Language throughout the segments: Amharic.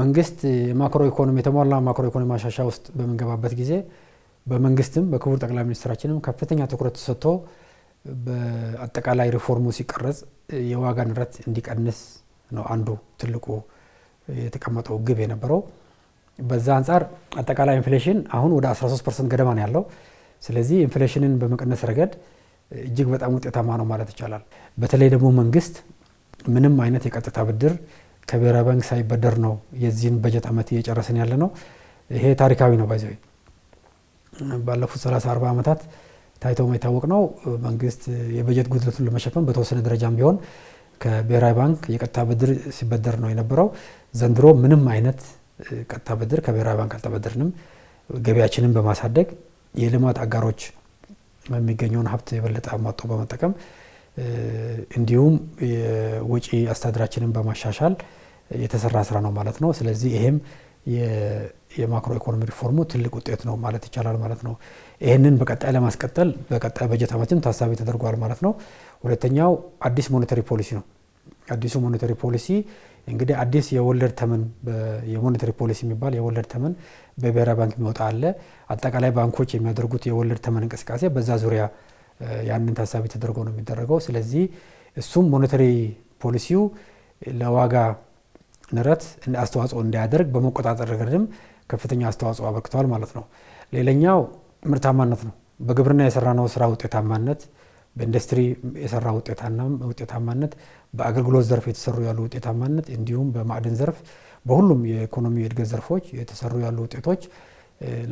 መንግስት የማክሮ ኢኮኖሚ የተሟላ ማክሮ ኢኮኖሚ ማሻሻ ውስጥ በምንገባበት ጊዜ በመንግስትም በክቡር ጠቅላይ ሚኒስትራችንም ከፍተኛ ትኩረት ተሰጥቶ በአጠቃላይ ሪፎርሙ ሲቀረጽ የዋጋ ንረት እንዲቀንስ ነው አንዱ ትልቁ የተቀመጠው ግብ የነበረው። በዛ አንጻር አጠቃላይ ኢንፍሌሽን አሁን ወደ 13 ፐርሰንት ገደማ ነው ያለው። ስለዚህ ኢንፍሌሽንን በመቀነስ ረገድ እጅግ በጣም ውጤታማ ነው ማለት ይቻላል። በተለይ ደግሞ መንግስት ምንም አይነት የቀጥታ ብድር ከብሔራዊ ባንክ ሳይበደር ነው የዚህን በጀት ዓመት እየጨረስን ያለ ነው። ይሄ ታሪካዊ ነው። ባይዘ ባለፉት 30 40 ዓመታት ታይቶ የማይታወቅ ነው። መንግስት የበጀት ጉድለቱን ለመሸፈን በተወሰነ ደረጃም ቢሆን ከብሔራዊ ባንክ የቀጥታ ብድር ሲበደር ነው የነበረው። ዘንድሮ ምንም አይነት ቀጥታ ብድር ከብሔራዊ ባንክ አልተበደርንም። ገቢያችንን በማሳደግ የልማት አጋሮች የሚገኘውን ሀብት የበለጠ አሟጦ በመጠቀም እንዲሁም የወጪ አስተዳደራችንን በማሻሻል የተሰራ ስራ ነው ማለት ነው። ስለዚህ ይሄም የማክሮ ኢኮኖሚ ሪፎርሙ ትልቅ ውጤት ነው ማለት ይቻላል ማለት ነው። ይህንን በቀጣይ ለማስቀጠል በቀጣይ በጀት ዓመትም ታሳቢ ተደርጓል ማለት ነው። ሁለተኛው አዲስ ሞኔታሪ ፖሊሲ ነው። አዲሱ ሞኔታሪ ፖሊሲ እንግዲህ አዲስ የወለድ ተመን የሞኔታሪ ፖሊሲ የሚባል የወለድ ተመን በብሔራዊ ባንክ የሚወጣ አለ። አጠቃላይ ባንኮች የሚያደርጉት የወለድ ተመን እንቅስቃሴ በዛ ዙሪያ ያንን ታሳቢ ተደርጎ ነው የሚደረገው። ስለዚህ እሱም ሞኔተሪ ፖሊሲው ለዋጋ ንረት አስተዋጽኦ እንዳያደርግ በመቆጣጠር ረገድም ከፍተኛ አስተዋጽኦ አበርክተዋል ማለት ነው። ሌላኛው ምርታማነት ነው። በግብርና የሰራነው ስራ ውጤታማነት፣ በኢንዱስትሪ የሰራ ውጤታማነት፣ በአገልግሎት ዘርፍ የተሰሩ ያሉ ውጤታማነት እንዲሁም በማዕድን ዘርፍ በሁሉም የኢኮኖሚ እድገት ዘርፎች የተሰሩ ያሉ ውጤቶች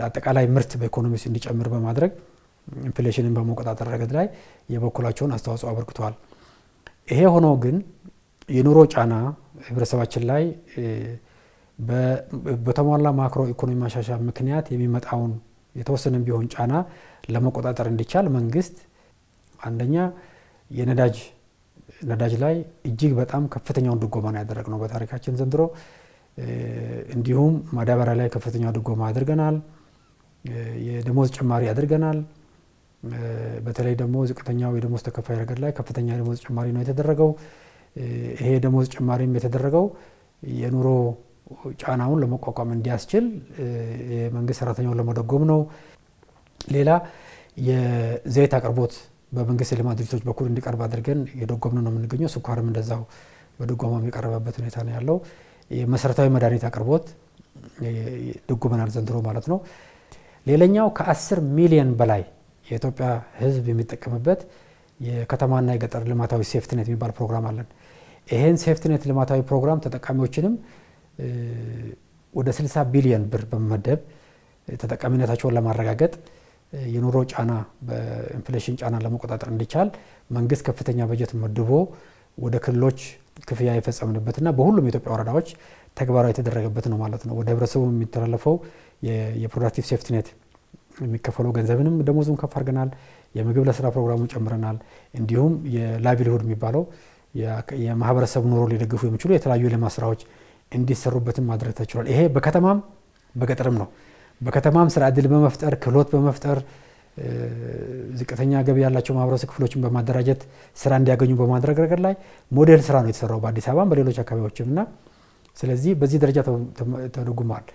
ለአጠቃላይ ምርት በኢኮኖሚ ውስጥ እንዲጨምር በማድረግ ኢንፍሌሽንን በመቆጣጠር ረገድ ላይ የበኩላቸውን አስተዋጽኦ አበርክተዋል። ይሄ ሆኖ ግን የኑሮ ጫና ህብረተሰባችን ላይ በተሟላ ማክሮ ኢኮኖሚ ማሻሻያ ምክንያት የሚመጣውን የተወሰነ ቢሆን ጫና ለመቆጣጠር እንዲቻል መንግስት አንደኛ የነዳጅ ነዳጅ ላይ እጅግ በጣም ከፍተኛውን ድጎማ ነው ያደረግነው በታሪካችን ዘንድሮ። እንዲሁም ማዳበሪያ ላይ ከፍተኛ ድጎማ አድርገናል። የደሞዝ ጭማሪ አድርገናል። በተለይ ደግሞ ዝቅተኛው የደሞዝ ተከፋይ ረገድ ላይ ከፍተኛ የደሞዝ ጭማሪ ነው የተደረገው። ይሄ የደሞዝ ጭማሪም የተደረገው የኑሮ ጫናውን ለመቋቋም እንዲያስችል የመንግስት ሰራተኛውን ለመደጎም ነው። ሌላ የዘይት አቅርቦት በመንግስት የልማት ድርጅቶች በኩል እንዲቀርብ አድርገን የደጎምነው ነው የምንገኘው። ስኳርም እንደዛው በድጎማም የቀረበበት ሁኔታ ነው ያለው። የመሰረታዊ መድኃኒት አቅርቦት ድጎመናል ዘንድሮ ማለት ነው። ሌላኛው ከአስር ሚሊየን በላይ የኢትዮጵያ ህዝብ የሚጠቀምበት የከተማና የገጠር ልማታዊ ሴፍትኔት የሚባል ፕሮግራም አለን። ይሄን ሴፍትኔት ልማታዊ ፕሮግራም ተጠቃሚዎችንም ወደ 60 ቢሊዮን ብር በመመደብ ተጠቃሚነታቸውን ለማረጋገጥ የኑሮ ጫና በኢንፍሌሽን ጫና ለመቆጣጠር እንዲቻል መንግስት ከፍተኛ በጀት መድቦ ወደ ክልሎች ክፍያ የፈጸምንበትና በሁሉም የኢትዮጵያ ወረዳዎች ተግባራዊ የተደረገበት ነው ማለት ነው። ወደ ህብረተሰቡ የሚተላለፈው የፕሮዳክቲቭ ሴፍትኔት የሚከፈለው ገንዘብንም ደሞዙን ከፍ አድርገናል። የምግብ ለስራ ፕሮግራሙን ጨምረናል። እንዲሁም የላይቭሊሁድ የሚባለው የማህበረሰብ ኑሮ ሊደግፉ የሚችሉ የተለያዩ የልማት ስራዎች እንዲሰሩበትም ማድረግ ተችሏል። ይሄ በከተማም በገጠርም ነው። በከተማም ስራ እድል በመፍጠር ክህሎት በመፍጠር ዝቅተኛ ገቢ ያላቸው ማህበረሰብ ክፍሎችን በማደራጀት ስራ እንዲያገኙ በማድረግ ረገድ ላይ ሞዴል ስራ ነው የተሰራው በአዲስ አበባም በሌሎች አካባቢዎችም እና ስለዚህ በዚህ ደረጃ ተደጉሟል።